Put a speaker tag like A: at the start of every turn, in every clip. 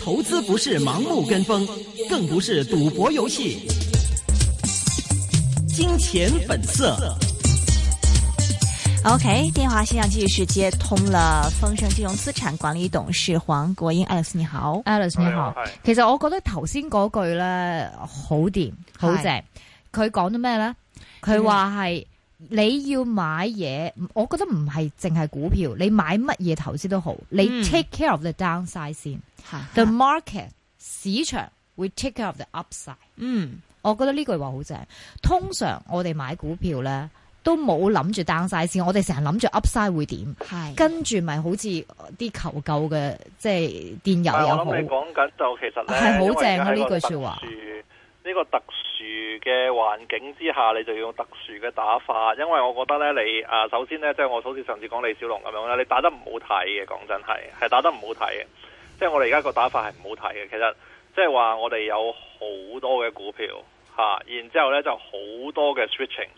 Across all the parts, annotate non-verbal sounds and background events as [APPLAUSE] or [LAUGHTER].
A: 投資不是盲目跟風，更不是賭博遊戲。金錢本色。
B: OK，電話線上繼續接通了。豐盛金融資產管理董事黃國英 Alex 你好 Alex 你好。其實我覺得頭先嗰句呢，好掂，是好正。佢講咗咩呢？佢話係。Hmm. 你要買嘢，我覺得唔係淨係股票，你買乜嘢投資都好，嗯、你 take care of the downside 先是，the market 是市場會 take care of the upside。嗯，我覺得呢句話好正。通常我哋買股票咧，都冇諗住 downside 先，我哋成日諗住 upside 會點，跟住咪好似啲求救嘅即係電油又好。我諗你
A: 講緊就其實咧，係好正啊呢句說話。呢個特殊嘅環境之下，你就要用特殊嘅打法，因為我覺得呢，你啊，首先呢，即係我好似上次講李小龍咁樣啦，你打得唔好睇嘅，講真係，係打得唔好睇嘅。即係我哋而家個打法係唔好睇嘅。其實即係話，我哋有好多嘅股票嚇，然之後呢就好多嘅 switching，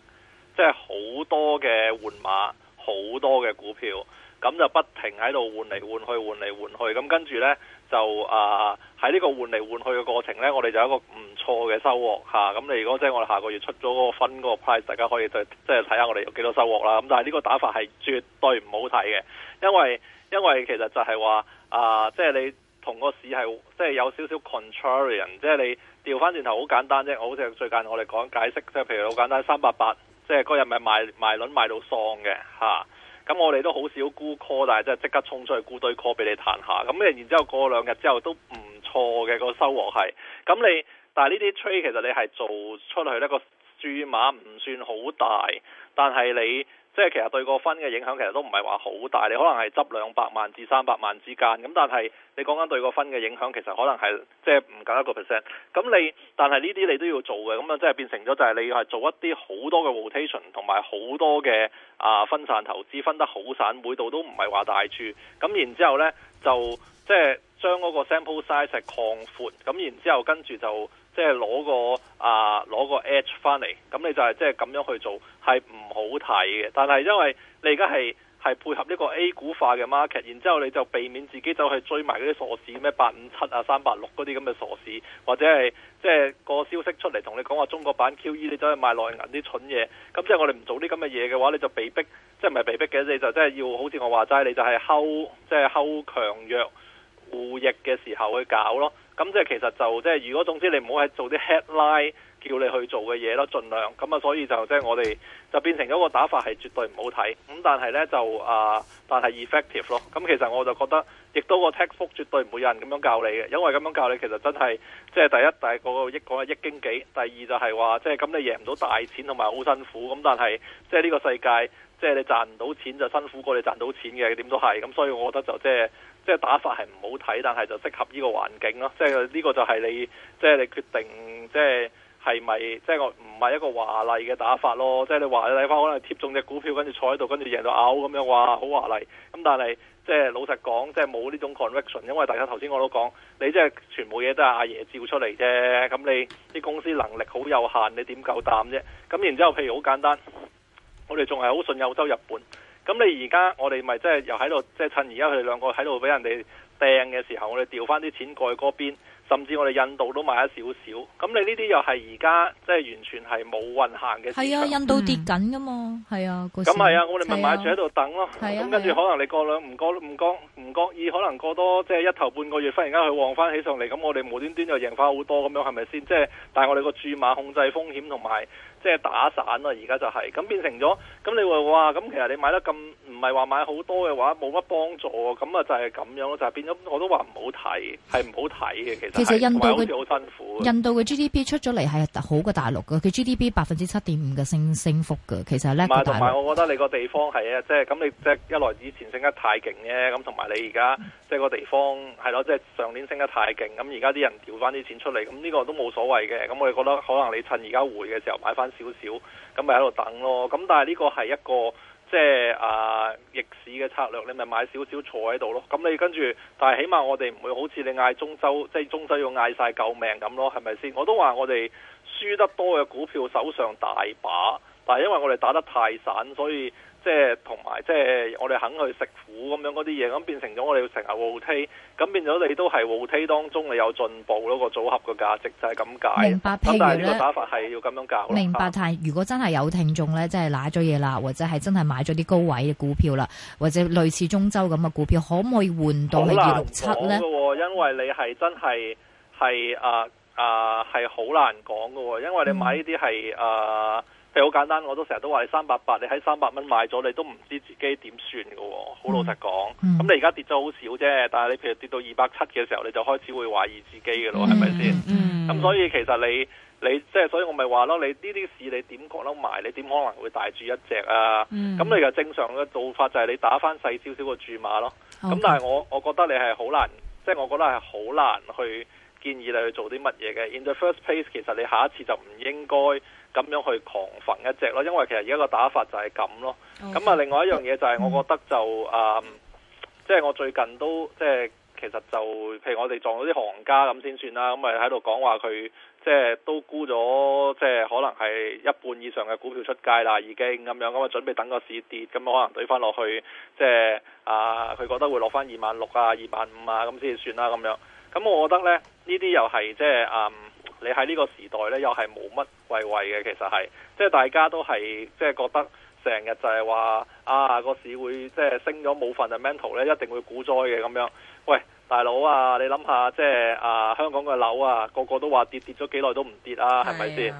A: 即係好多嘅換馬，好多嘅股票。啊咁就不停喺度換嚟換去，換嚟換去。咁跟住呢，就啊，喺呢個換嚟換去嘅過程呢，我哋就有一個唔錯嘅收穫嚇。咁你如果即係我哋下個月出咗嗰個分嗰個 price，大家可以再即係睇下我哋有幾多收穫啦。咁但係呢個打法係絕對唔好睇嘅，因為因為其實就係話啊，即係你同個市係即係有少少 contrarian，即係你調翻轉頭好簡單啫。好似最近我哋講解釋，即係譬如好簡單三八八，即係嗰日咪賣賣輪賣到喪嘅嚇。啊咁我哋都好少沽 call，但係即係即刻衝出去沽對 call 俾你彈下，咁咧然之後過兩日之後都唔錯嘅，嗰個收穫係。咁你，但係呢啲 trade 其實你係做出去呢個注碼唔算好大，但係你。即係其實對個分嘅影響其實都唔係話好大，你可能係執兩百萬至三百萬之間，咁但係你講緊對個分嘅影響，其實可能係即係唔夠一個 percent。咁你但係呢啲你都要做嘅，咁啊即係變成咗就係你要係做一啲好多嘅 rotation 同埋好多嘅啊分散投資，分得好散，每度都唔係話大注。咁然之後呢，就即係。將嗰個 sample size 係擴闊咁，然之後跟住就即係攞個啊攞個 edge 翻嚟咁，你就係即係咁樣去做係唔好睇嘅。但係因為你而家係係配合呢個 A 股化嘅 market，然之後你就避免自己走去追埋嗰啲傻市咩八五七啊、三八六嗰啲咁嘅傻市，或者係即係個消息出嚟同你講話中國版 QE，你走去買內銀啲蠢嘢咁。即係我哋唔做啲咁嘅嘢嘅話，你就被逼即係唔係被逼嘅？你就即係要好似我話齋，你就係睺即係睺強弱。護役嘅時候去搞咯，咁、嗯、即係其實就即係如果總之你唔好係做啲 headline 叫你去做嘅嘢咯，盡量咁啊，所以就即係我哋就變成咗個打法係絕對唔好睇，咁、嗯、但係呢，就啊、呃，但係 effective 咯。咁、嗯、其實我就覺得，亦都個 textbook 絕對唔會有人咁樣教你嘅，因為咁樣教你其實真係即係第一，就係、第一、就係、個一講一經幾；第二就係話即係咁你贏唔到大錢，同埋好辛苦。咁、嗯、但係即係呢個世界，即係你賺唔到錢就辛苦過你賺到錢嘅，點都係。咁所以我覺得就即係。即係打法係唔好睇，但係就適合呢個環境咯。即係呢個就係你，即係你決定，即係係咪即係個唔係一個華麗嘅打法咯？即係你話嘅例話，可能貼中隻股票，跟住坐喺度，跟住贏到嘔咁樣，哇！好華麗。咁但係即係老實講，即係冇呢種 conviction，因為大家頭先我都講，你即係全部嘢都係阿爺照出嚟啫。咁你啲公司能力好有限，你點夠膽啫？咁然之後，譬如好簡單，我哋仲係好信歐洲、日本。咁你而家我哋咪即係又喺度，即係趁而家佢哋兩個喺度俾人哋掟嘅時候，我哋調翻啲錢過去嗰邊，甚至我哋印度都買咗少少。咁你呢啲又係而家即係完全係冇運行嘅時候。係啊，印度跌
B: 緊噶嘛，係啊。咁係啊，我哋咪買住喺度等咯。係啊。咁跟住可
A: 能你過兩唔過唔過唔覺意，可能過多即係一頭半個月，忽然間佢旺翻起上嚟，咁我哋無端端就贏翻好多咁樣，係咪先？即係但係我哋個注碼控制風險同埋。即係打散咯、啊，而家就係、是、咁變成咗咁。你話哇，咁其實你買得咁唔係話買好多嘅話，冇乜幫助啊。咁啊就係咁樣咯，就係、是、變咗我都話唔好睇，係唔好睇嘅。其實，其實印度嘅
B: 印度嘅 GDP 出咗嚟係好過大陸嘅，佢 GDP 百分之七點五嘅升升幅嘅，其實係叻過大陸。同埋我覺得
A: 你個地方係啊，即係咁你即係、就是、一來以前升得太勁嘅，咁同埋你而家即係個地方係咯，即係、就是、上年升得太勁，咁而家啲人調翻啲錢出嚟，咁呢個都冇所謂嘅。咁我哋覺得可能你趁而家回嘅時候買翻少少，咁咪喺度等咯。咁但係呢個係一個即係啊逆市嘅策略，你咪買少少坐喺度咯。咁你跟住，但係起碼我哋唔會好似你嗌中州，即係中州要嗌晒救命咁咯，係咪先？我都話我哋輸得多嘅股票手上大把，但係因為我哋打得太散，所以。 [MUSIC] 即係同埋，即係我哋肯去食苦咁樣嗰啲嘢，咁變成咗我哋要成日 OT，咁變咗你都係 OT 當中，你有進步嗰、嗰個組合嘅價值就係咁解。明白，譬如呢個打法係要咁樣教。明白，
B: 但係如果真係有聽眾咧，即係揦咗嘢啦，或者係真係買咗啲高位嘅股票啦，或者類似中州咁嘅股票，可唔可以換到係二六七咧？
A: 因為你係真係係啊啊，係、啊、好難講嘅喎，因為你買呢啲係啊。嗯係好簡單，我都成日都話你三百八，你喺三百蚊買咗，你都唔知自己點算嘅喎、哦，好老實講。咁、mm. 你而家跌咗好少啫，但係你譬如跌到二百七嘅時候，你就開始會懷疑自己嘅咯，係咪先？咁、mm. 所以其實你你即係，所以我咪話咯，你呢啲事你點覺得埋，你點可能會大住一隻啊？咁你嘅正常嘅做法就係你打翻細少少個注碼咯。咁
B: Okay. 但係我
A: 我覺得你係好難，即係我覺得係好難去。建議你去做啲乜嘢嘅？In the first place，其實你下一次就唔應該咁樣去狂焚一隻咯，因為其實而家個打法就係咁咯。
B: 咁啊，另外一樣
A: 嘢就係我覺得就啊，即、嗯、係、就是、我最近都即係、就是、其實就譬如我哋撞到啲行家咁先算啦，咁啊喺度講話佢即係都沽咗，即、就、係、是、可能係一半以上嘅股票出街啦，已經咁樣咁啊，準備等個市跌，咁可能懟翻落去，即、就、係、是、啊，佢覺得會落翻二萬六啊，二萬五啊，咁先算啦咁樣。咁、嗯、我覺得呢，呢啲又係即係你喺呢個時代呢，又係冇乜謂謂嘅。其實係，即係大家都係即係覺得成日就係話啊，個市會即係升咗冇 fundamental 呢，一定會股災嘅咁樣。喂，大佬啊，你諗下即係啊，香港嘅樓啊，個個都話跌，跌咗幾耐都唔跌啊，係咪先？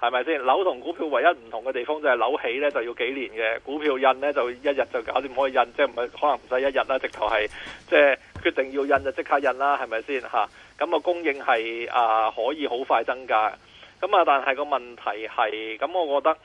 A: 係咪先？樓同股票唯一唔同嘅地方就係樓起呢就要幾年嘅，股票印呢就一日就搞掂可以印，即係唔係可能唔使一日啦，直頭係即係。即決定要印就即刻印啦，係咪先吓？咁啊，供應係啊可以好快增加，咁啊，但係個問題係，咁、啊、我覺得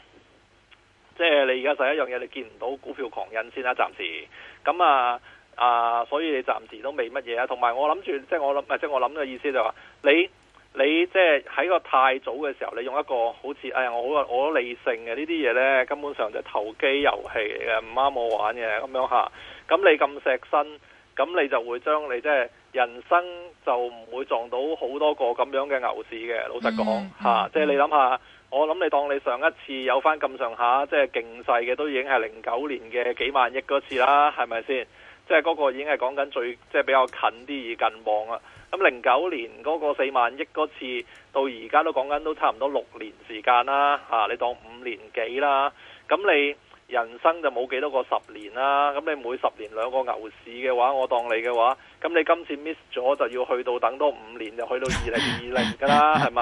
A: 即係、就是、你而家第一樣嘢，你見唔到股票狂印先啦、啊，暫時。咁啊啊，所以你暫時都未乜嘢啊。同埋我諗住，即、就、係、是、我諗，即係我諗嘅意思就係話、是，你你即係喺個太早嘅時候，你用一個好似誒、哎，我好我理性嘅呢啲嘢呢，根本上就投機遊戲嚟嘅，唔啱我玩嘅咁樣吓。咁、啊啊、你咁錫身。咁你就會將你即係、就是、人生就唔會撞到好多個咁樣嘅牛市嘅，老實講嚇。即係你諗下，嗯、我諗你當你上一次有翻咁上下即係勁勢嘅，都已經係零九年嘅幾萬億嗰次啦，係咪先？即係嗰個已經係講緊最即係比較近啲而近望啊。咁零九年嗰個四萬億嗰次到而家都講緊都差唔多六年時間啦，嚇、啊、你當五年幾啦，咁你。人生就冇幾多個十年啦，咁你每十年兩個牛市嘅話，我當你嘅話，咁你今次 miss 咗就要去到等多五年就去到二零二零㗎啦，係咪？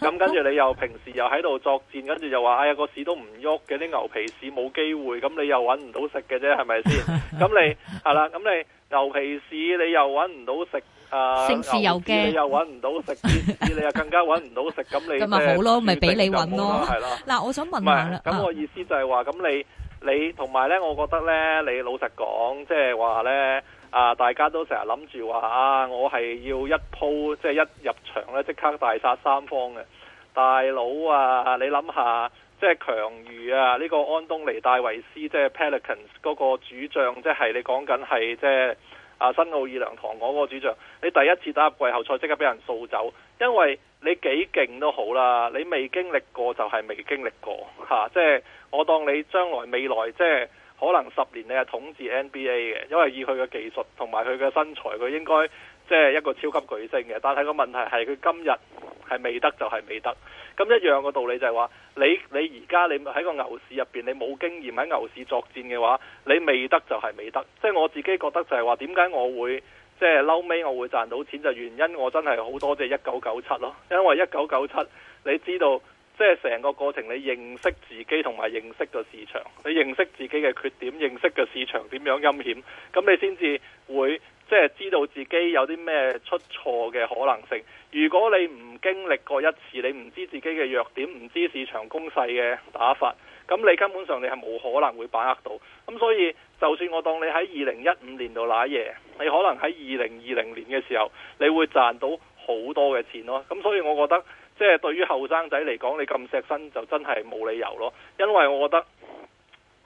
A: 咁跟住你又平時又喺度作戰，跟住又話：哎呀，個市都唔喐嘅，啲牛皮市冇機會，咁你又揾唔到食嘅啫，係咪先？咁你係啦，咁你牛皮市你又揾唔到食，啊，升市有機你又揾唔到食，市你又更加揾唔到食，咁你咁咪好咯？咪俾你揾咯，係啦。嗱，我想問下啦，咁我意思就係話，咁你。你同埋咧，我覺得咧，你老實講，即係話咧，啊，大家都成日諗住話啊，我係要一鋪，即係一入場咧，即刻大殺三方嘅。大佬啊，你諗下，即係強如啊，呢個安東尼戴維斯，即係 Pelicans 嗰個主將，即係你講緊係即係。就是啊！新奧爾良唐國嗰個主將，你第一次打入季後賽即刻俾人掃走。因為你幾勁都好啦，你未經歷過就係未經歷過嚇、啊。即係我當你將來未來即係可能十年你係統治 NBA 嘅，因為以佢嘅技術同埋佢嘅身材，佢應該。即係一個超級巨星嘅，但係個問題係佢今日係未得就係未得。咁一樣個道理就係話，你你而家你喺個牛市入邊，你冇經驗喺牛市作戰嘅話，你未得就係未得。即係我自己覺得就係話，點解我會即係嬲尾，我會賺到錢就係原因。我真係好多謝一九九七咯，因為一九九七，你知道即係成個過程，你認識自己同埋認識個市場，你認識自己嘅缺點，認識個市場點樣陰險，咁你先至會。即係知道自己有啲咩出錯嘅可能性。如果你唔經歷過一次，你唔知自己嘅弱點，唔知市場攻勢嘅打法，咁你根本上你係冇可能會把握到。咁所以，就算我當你喺二零一五年度瀨嘢，你可能喺二零二零年嘅時候，你會賺到好多嘅錢咯。咁所以，我覺得即係對於後生仔嚟講，你咁錫身就真係冇理由咯。因為我覺得。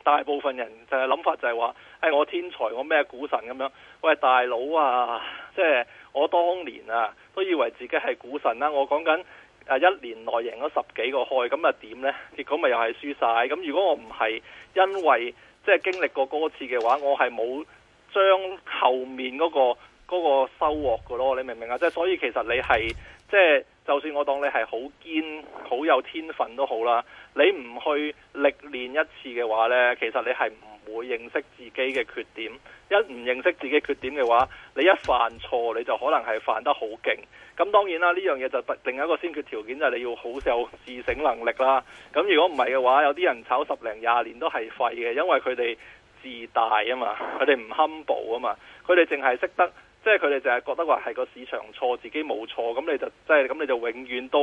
A: 大部分人就係諗法就係話，誒我天才我咩股神咁樣，喂大佬啊，即係我當年啊都以為自己係股神啦，我講緊誒一年內贏咗十幾個開，咁啊點呢？結果咪又係輸晒，咁如果我唔係因為即係經歷過嗰次嘅話，我係冇將後面嗰個嗰個收穫嘅咯，你明唔明啊？即係所以其實你係即係，就算我當你係好堅、好有天分都好啦。你唔去歷練一次嘅話呢，其實你係唔會認識自己嘅缺點。一唔認識自己缺點嘅話，你一犯錯你就可能係犯得好勁。咁當然啦，呢樣嘢就另一個先決條件就係你要好有自省能力啦。咁如果唔係嘅話，有啲人炒十零廿年都係廢嘅，因為佢哋自大啊嘛，佢哋唔 humble 啊嘛，佢哋淨係識得。即係佢哋淨係覺得話係個市場錯，自己冇錯，咁你就即係咁你就永遠都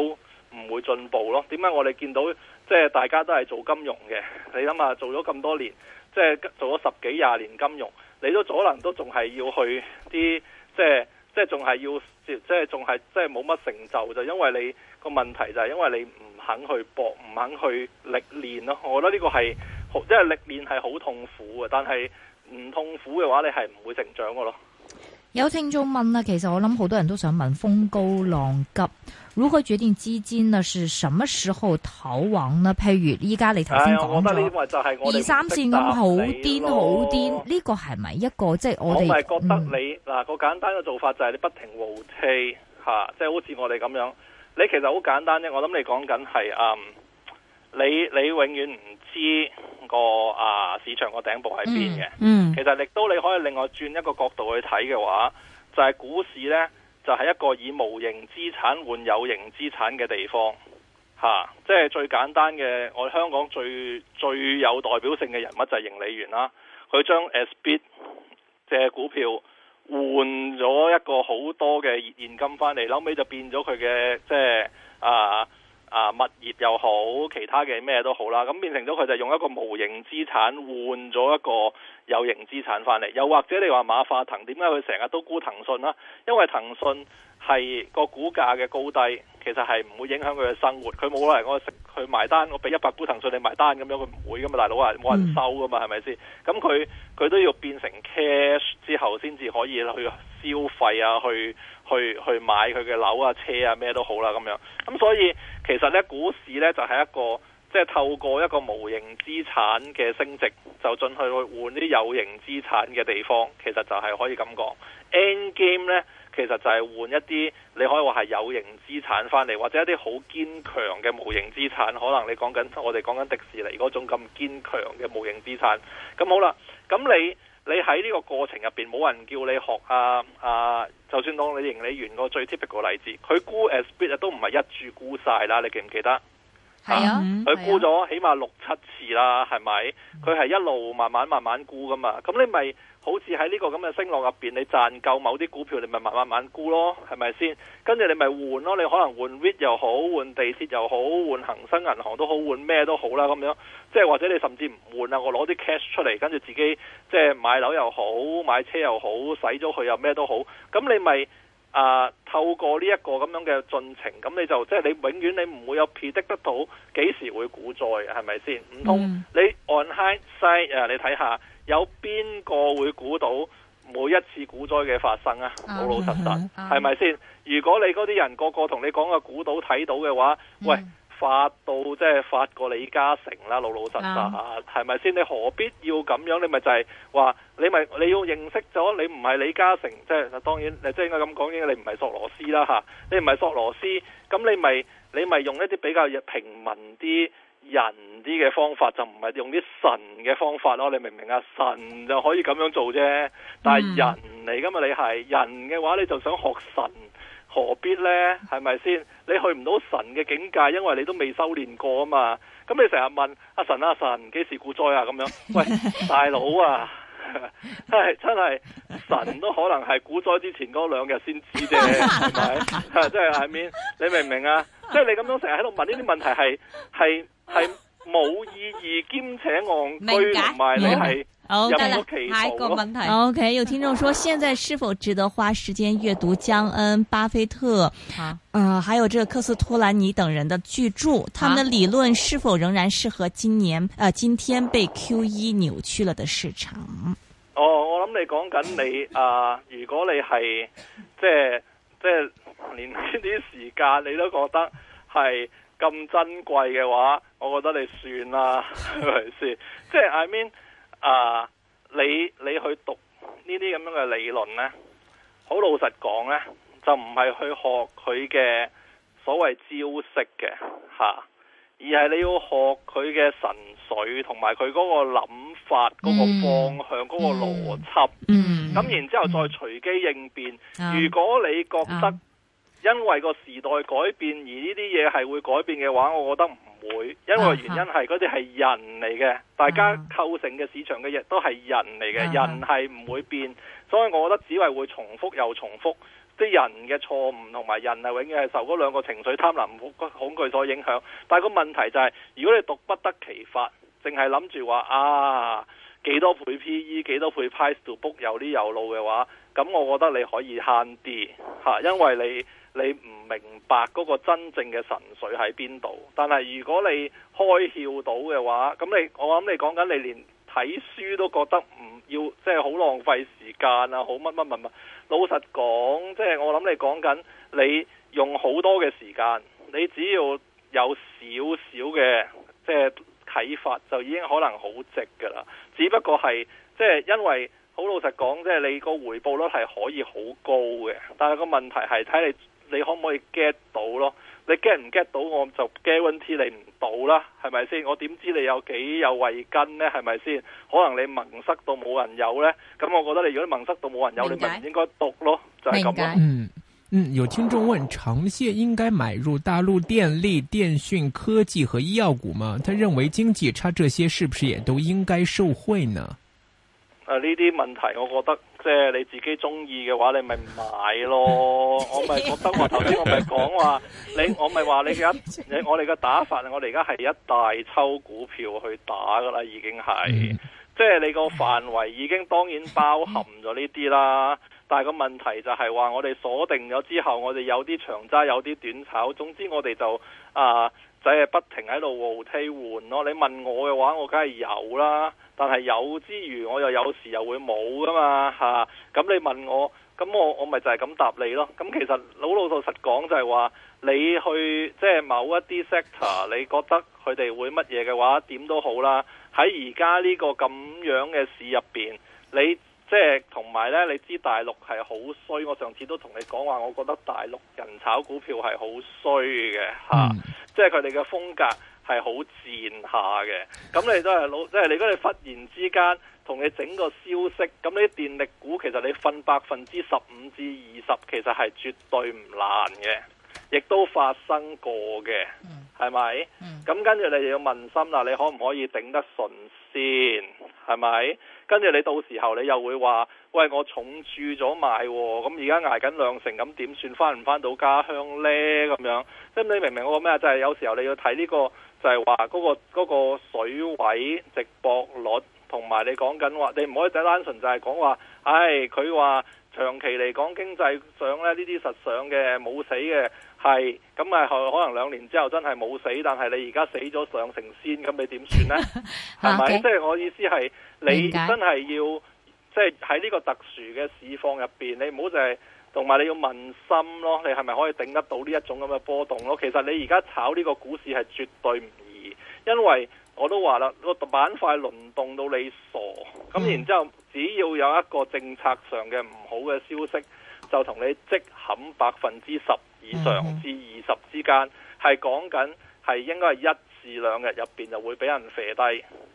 A: 唔會進步咯。點解我哋見到即係大家都係做金融嘅？你諗下做咗咁多年，即係做咗十幾廿年金融，你都可能都仲係要去啲即係即係仲係要即係仲係即係冇乜成就就因為你個問題就係因為你唔肯去搏，唔肯去歷練咯。我覺得呢個係好即係歷練係好痛苦嘅，但係唔痛苦嘅話，你係唔會成長嘅咯。
B: 有聽眾問啦，其實我諗好多人都想問：風高浪急，如何決定資金呢？是什麼時候逃亡呢？譬如依家你頭先講咗二三線咁好癲，好癲，呢個係咪一個即係我哋？我咪覺
A: 得你嗱個簡單嘅做法就係你不停換氣吓，即係，啊，好似我哋咁樣。你其實好簡單啫，我諗你講緊係啊。嗯你你永遠唔知個啊市場個頂部喺邊嘅。嗯，其實亦都你可以另外轉一個角度去睇嘅話，就係、是、股市呢，就係、是、一個以無形資產換有形資產嘅地方。嚇、啊，即係最簡單嘅，我哋香港最最有代表性嘅人物就係盈利員啦。佢將 S B 嘅股票換咗一個好多嘅現金翻嚟，後尾就變咗佢嘅即係啊。啊，物業又好，其他嘅咩都好啦，咁變成咗佢就用一個無形資產換咗一個有形資產翻嚟，又或者你話馬化騰點解佢成日都沽騰訊啦？因為騰訊係個股價嘅高低其實係唔會影響佢嘅生活，佢冇可能我食佢埋單，我俾一百股騰訊你埋單咁樣佢唔會噶嘛，大佬啊，冇人收噶嘛，係咪先？咁佢佢都要變成 cash 之後先至可以去。消費啊，去去去買佢嘅樓啊、車啊，咩都好啦，啊，咁樣。咁所以其實呢，股市呢，就係、是、一個，即、就、係、是、透過一個無形資產嘅升值，就進去去換啲有形資產嘅地方，其實就係可以咁講。End Game 呢，其實就係換一啲你可以話係有形資產翻嚟，或者一啲好堅強嘅無形資產，可能你講緊我哋講緊迪士尼嗰種咁堅強嘅無形資產。咁好啦，咁你。你喺呢個過程入邊，冇人叫你學啊啊！就算當你營業員個最 typical 例子，佢沽 as bid 都唔係一注沽晒啦，你記唔記得？
B: 係 [MUSIC] 啊，
A: 佢沽咗起碼六七次啦，係咪？佢係一路慢慢慢慢沽噶嘛，咁、嗯、 [MUSIC] 你咪。好似喺呢個咁嘅升浪入邊，你賺夠某啲股票，你咪慢慢慢慢沽咯，係咪先？跟住你咪換咯，你可能換匯又好，換地鐵又好，換恒生銀行都好，換咩都好啦咁樣。即係或者你甚至唔換啦，我攞啲 cash 出嚟，跟住自己即係買樓又好，買車又好，使咗佢又咩都好。咁你咪啊、呃，透過呢一個咁樣嘅進程，咁你就即係你永遠你唔會有 predict 得到幾時會股災，係咪先？唔通、嗯、你 on high side 啊？你睇下。有邊個會估到每一次股災嘅發生啊？老、嗯、老實實係咪先？嗯、吧如果你嗰啲人、嗯、個個同你講嘅估到睇到嘅話，喂，發到即係、就是、發過李嘉誠啦，老老實實啊，係咪先？你何必要咁樣？你咪就係、是、話你咪你要認識咗你唔係李嘉誠，即、就、係、是、當然你即係應該咁講，應該你唔係索羅斯啦吓、啊，你唔係索羅斯，咁你咪你咪用一啲比較平民啲。人啲嘅方法就唔係用啲神嘅方法咯，你明唔明啊？神就可以咁樣做啫，但係人嚟噶嘛？你係人嘅話，你就想學神，何必呢？係咪先？你去唔到神嘅境界，因為你都未修煉過啊嘛。咁你成日問阿、啊、神阿、啊、神幾時股災啊？咁樣，喂 [LAUGHS] 大佬啊，係真係神都可能係股災之前嗰兩日先知啫，係咪？即係係咪？I mean, 你明唔明啊？即係 [LAUGHS] 你咁樣成日喺度問呢啲問題，係係。係冇 [LAUGHS] 意義兼且戇居，同埋你係有冇其他個問題？O K，
B: 有聽眾說，現在是否值得花時間閱讀江恩、巴菲特，嗯、啊呃，還有這個克斯托蘭尼等人的巨著？他們的理論是否仍然適合今年？誒、呃，今天被 Q E 扭曲了的市場？
A: 哦、 [LAUGHS] oh,，我諗你講緊你誒，如果你係即係即係連呢啲時間你都覺得係。咁珍貴嘅話，我覺得你算啦，係咪先？即係 I mean，啊、uh,，你你去讀呢啲咁樣嘅理論呢，好老實講呢，就唔係去學佢嘅所謂招式嘅嚇、啊，而係你要學佢嘅神髓同埋佢嗰個諗法、嗰、嗯、個方向、嗰個邏輯。嗯。咁然之後再隨機應變。嗯、如果你覺得，因為個時代改變而呢啲嘢係會改變嘅話，我覺得唔會，因為原因係嗰啲係人嚟嘅，大家構成嘅市場嘅嘢都係人嚟嘅，人係唔會變，所以我覺得只係會重複又重複啲人嘅錯誤，同埋人係永遠係受嗰兩個情緒貪婪恐懼所影響。但係個問題就係，如果你讀不得其法，淨係諗住話啊幾多倍 P/E，幾多倍 Price-to-book 有啲有路嘅話，咁我覺得你可以慳啲吓，因為你。你唔明白嗰個真正嘅神髓喺邊度。但係如果你開竅到嘅話，咁你我諗你講緊，你連睇書都覺得唔要，即係好浪費時間啊！好乜乜乜乜，老實講，即係我諗你講緊，你用好多嘅時間，你只要有少少嘅即係啟發就已經可能好值噶啦。只不過係即係因為好老實講，即係你個回報率係可以好高嘅，但係個問題係睇你。你可唔可以 get 到咯？你 get 唔 get 到我就 guarantee 你唔到啦，係咪先？我點知你有幾有慧根呢？係咪先？可能你盲塞到冇人有呢。咁我覺得你如果你盲塞到冇人有，白你咪唔應該讀咯，就係、是、咁咯。白嗯嗯，有聽眾問：長線應該買入大陸電力、電訊、科技和醫藥股嗎？他認為經濟差，這些是不是也
B: 都應該受惠呢？
A: 啊，呢啲問題我覺得。即係你自己中意嘅話，你咪買咯。 [LAUGHS] 我咪覺得我我說說，我頭先我咪講話，你我咪話你而家，我哋嘅打法我哋而家係一大抽股票去打㗎啦，已經係。嗯、即係你個範圍已經當然包含咗呢啲啦。但係個問題就係話，我哋鎖定咗之後，我哋有啲長揸，有啲短炒。總之我哋就啊，即、呃、係、就是、不停喺度交替換咯。你問我嘅話，我梗係有啦。但係有之餘，我又有時又會冇㗎嘛嚇。咁、啊嗯、你問我，咁、嗯、我我咪就係咁答你咯。咁、嗯、其實老老實實講，就係話你去即係某一啲 sector，你覺得佢哋會乜嘢嘅話，點都好啦。喺而家呢個咁樣嘅市入邊，你。即係同埋咧，你知大陸係好衰，我上次都同你講話，我覺得大陸人炒股票係好衰嘅嚇，即係佢哋嘅風格係好賤下嘅。咁你都係老，即係如果你忽然之間同你整個消息，咁你啲電力股其實你瞓百分之十五至二十，其實係絕對唔難嘅，亦都發生過嘅，係咪、嗯？咁、嗯、跟住你就要問心啦，你可唔可以頂得順先？係咪？跟住你到時候你又會話：喂，我重注咗買喎，咁而家捱緊兩成，咁點算返唔返到家鄉呢？咁樣，咁你明唔明我咩啊？就係、是、有時候你要睇呢、這個，就係話嗰個水位值博率，同埋你講緊話，你唔可以單純就係講話，唉、哎，佢話長期嚟講經濟上咧，呢啲實上嘅冇死嘅。係咁啊，可能兩年之後真係冇死，但係你而家死咗上成仙，咁你點算咧？係咪 [LAUGHS] ？Okay. 即係我意思係你真係要即係喺呢個特殊嘅市況入邊，你唔好就係同埋你要問心咯，你係咪可以頂得到呢一種咁嘅波動咯？其實你而家炒呢個股市係絕對唔易，因為我都話啦，個板塊輪動到你傻咁，然之後只要有一個政策上嘅唔好嘅消息，就同你即冚百分之十。以、mm hmm. 上至二十之間，係講緊係應該係一至兩日入邊就會俾人射低。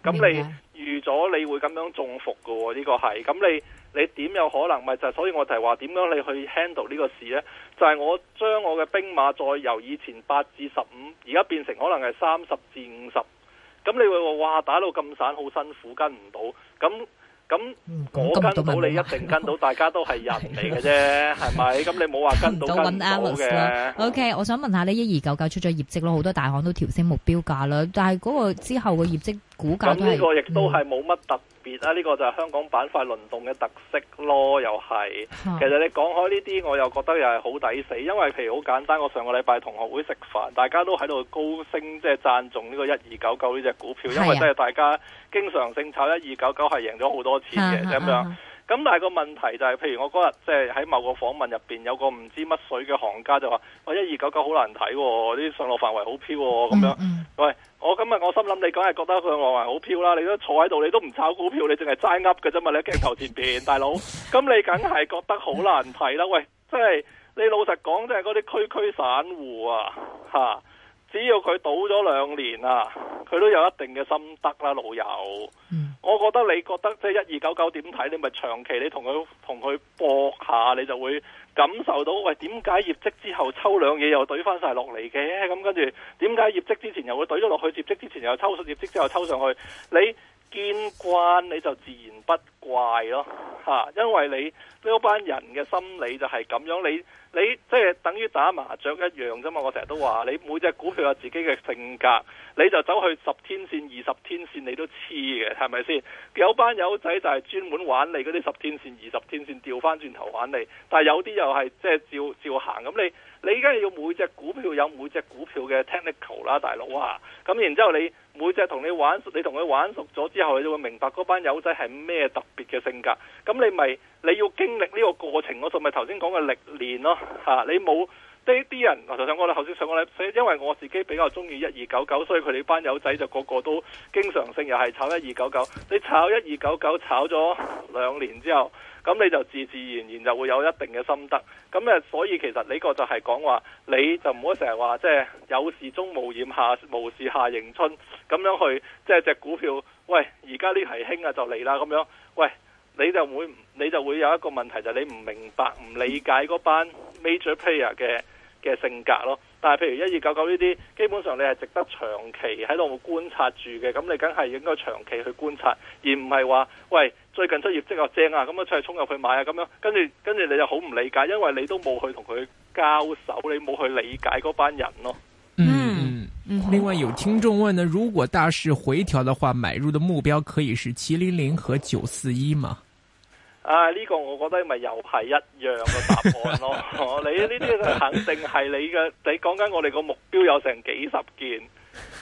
A: 咁你預咗、mm hmm. 你會咁樣中伏嘅喎，呢、這個係咁你你點有可能咪就係、是？所以我就係話點樣你去 handle 呢個事呢？就係、是、我將我嘅兵馬再由以前八至十五，而家變成可能係三十至五十。咁你會話哇打到咁散，好辛苦跟唔到咁。咁我跟到你，嗯、 [NOISE] 一定跟到，大家都係人嚟嘅啫，係咪？咁你冇話跟唔到揾 Alex 嘅。
B: OK，我想問下你一久久，一二九九出咗業績咯，好多大行都調升目標價啦，但係嗰個之後嘅業績。咁呢個亦
A: 都係冇乜特別啊！呢、嗯、個就係香港板塊輪動嘅特色咯，又係。嗯、其實你講開呢啲，我又覺得又係好抵死，因為譬如好簡單，我上個禮拜同學會食飯，大家都喺度高聲，即係讚頌呢個一二九九呢隻股票，啊、因為真係大家經常性炒一二九九係贏咗好多錢嘅，咁樣、嗯。咁、嗯、但係個問題就係、是，譬如我嗰日即係喺某個訪問入邊，有個唔知乜水嘅行家就話：我一二九九好難睇、哦，啲上落範圍好飄咁樣。喂！我今日我心諗你梗係覺得佢外圍好飄啦，你都坐喺度，你都唔炒股票，你淨係齋噏嘅啫嘛，你喺鏡頭前面大佬，咁 [LAUGHS] 你梗係覺得好難睇啦。喂，即係你老實講，即係嗰啲區區散戶啊，吓、啊，只要佢賭咗兩年啊，佢都有一定嘅心得啦，老友。 [LAUGHS] 我覺得你覺得即係一二九九點睇？你咪長期你同佢同佢搏下，你就會感受到，喂，點解業績之後抽兩嘢又堆翻晒落嚟嘅，咁，跟住點解業績之前又會堆咗落去，業績之前又抽，業績之後抽上去，你見慣你就自然不怪咯嚇、啊，因為你呢班人嘅心理就係咁樣你。你即係等於打麻雀一樣啫嘛！我成日都話，你每隻股票有自己嘅性格，你就走去十天線、二十天線，你都黐嘅，係咪先？有班友仔就係專門玩你嗰啲十天線、二十天線，調翻轉頭玩你。但係有啲又係即係照照行。咁你你而家要每隻股票有每隻股票嘅 technical 啦，大佬啊！咁然之後你，你每隻同你玩，你同佢玩熟咗之後，你就會明白嗰班友仔係咩特別嘅性格。咁你咪。你要經歷呢個過程，我度咪頭先講嘅歷練咯。嚇、啊，你冇呢啲人，我頭先講啦，頭先想講呢，因為我自己比較中意一二九九，所以佢哋班友仔就個個都經常性又係炒一二九九。你炒一二九九炒咗兩年之後，咁你就自自然然就會有一定嘅心得。咁誒，所以其實呢個就係講話，你就唔好成日話即係有事鍾無艷下，無事夏迎春咁樣去，即係隻股票。喂，而家呢係興啊，就嚟啦咁樣。喂。你就會你就會有一個問題就係你唔明白唔理解嗰班 major player 嘅嘅性格咯。但係譬如一二九九呢啲，基本上你係值得長期喺度觀察住嘅，咁你梗係應該長期去觀察，而唔係話喂最近出業績又正啊，咁出去衝入去買啊咁樣。跟住跟住你就好唔理解，因為你都冇去同佢交手，你冇去理解嗰班人咯。嗯，另外有聽眾問呢，如果大市回調嘅話，買入嘅目標可以係七零零和九四一嗎？啊！呢、這個我覺得咪又係一樣嘅答案咯。 [LAUGHS] 你呢啲就肯定係你嘅。你講緊我哋個目標有成幾十件，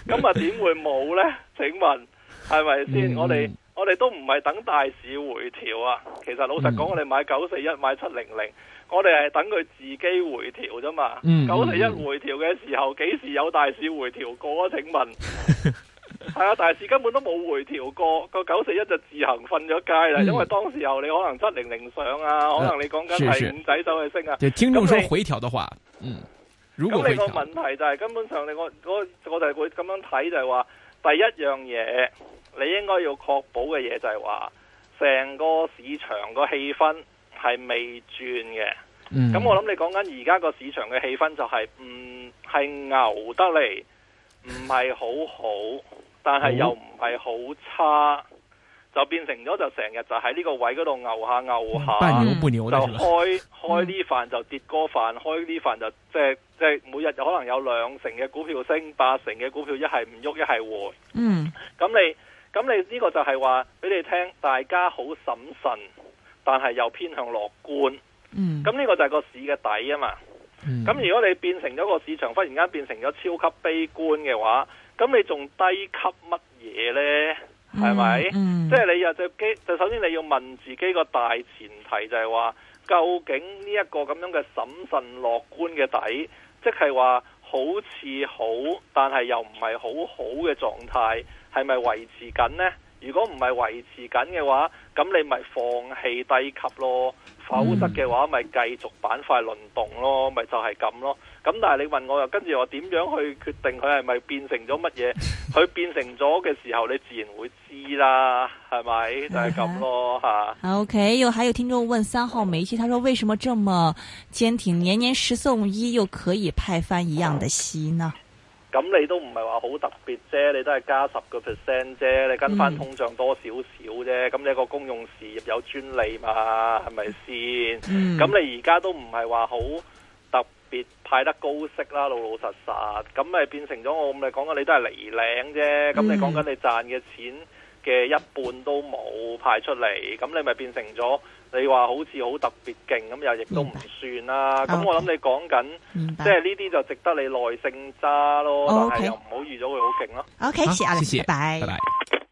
A: 咁啊點會冇呢？請問係咪先？我哋我哋都唔係等大市回調啊。其實老實講，嗯、我哋買九四一買七零零，我哋係等佢自己回調啫嘛。九四一回調嘅時候，幾時有大市回調過啊？哥哥請問？嗯嗯嗯 [LAUGHS] 係啊，大市根本都冇回調過，個九四一就自行瞓咗街啦。嗯、因為當時候你可能七零零上啊，呃、可能你講緊係五仔走去升啊。對是你聽眾說回調的話，嗯，如果回調你個問題就係、是、根本上你我我我就會咁樣睇，就係話第一樣嘢你應該要確保嘅嘢就係話成個市場個氣氛係未轉嘅，嗯就是。嗯，咁我諗你講緊而家個市場嘅氣氛就係唔係牛得嚟，唔係好好。 [LAUGHS] 但係又唔係好差，oh. 就變成咗就成日就喺呢個位嗰度牛下牛下，mm. 就開、mm. 開呢份就跌過份，開呢份就即係即係每日可能有兩成嘅股票升，八成嘅股票一係唔喐一係回。嗯、mm.，咁你咁你呢個就係話俾你聽，大家好審慎，但係又偏向樂觀。嗯，咁呢個就係個市嘅底啊嘛。嗯，咁如果你變成咗個市場忽然間變成咗超級悲觀嘅話。咁你仲低級乜嘢呢？係咪？嗯嗯、即係你有只就首先你要問自己個大前提就，就係話究竟呢一個咁樣嘅審慎樂觀嘅底，即係話好似好，但係又唔係好好嘅狀態，係咪維持緊呢？如果唔係維持緊嘅話，咁你咪放棄低級咯。否則嘅話，咪繼續板塊輪動咯，咪就係、是、咁咯。咁但係你問我又跟住我點樣去決定佢係咪變成咗乜嘢。佢變成咗嘅時候，你自然會知啦，係咪？就係、是、咁咯吓。 [LAUGHS]
B: 啊、OK，又還有聽眾問三號煤氣，他說為什麼這麼堅挺，年年十送一又可以派翻一樣嘅息呢？嗯，
A: 咁你都唔係話好特別啫，你都係加十個 percent 啫，你跟翻通脹多少少啫。咁你個公用事業有專利嘛，係咪先？咁你而家都唔係話好。派得高息啦，老老實實咁咪變成咗我咁嚟講啊，你都係嚟領啫。咁你講緊你賺嘅錢嘅一半都冇派出嚟，咁你咪變成咗你話好似好特別勁咁，又亦都唔算啦。咁我諗你講緊，即係呢啲就值得你耐性揸咯，但係又唔好預咗佢好勁咯。OK，謝謝，阿林，
B: 拜拜。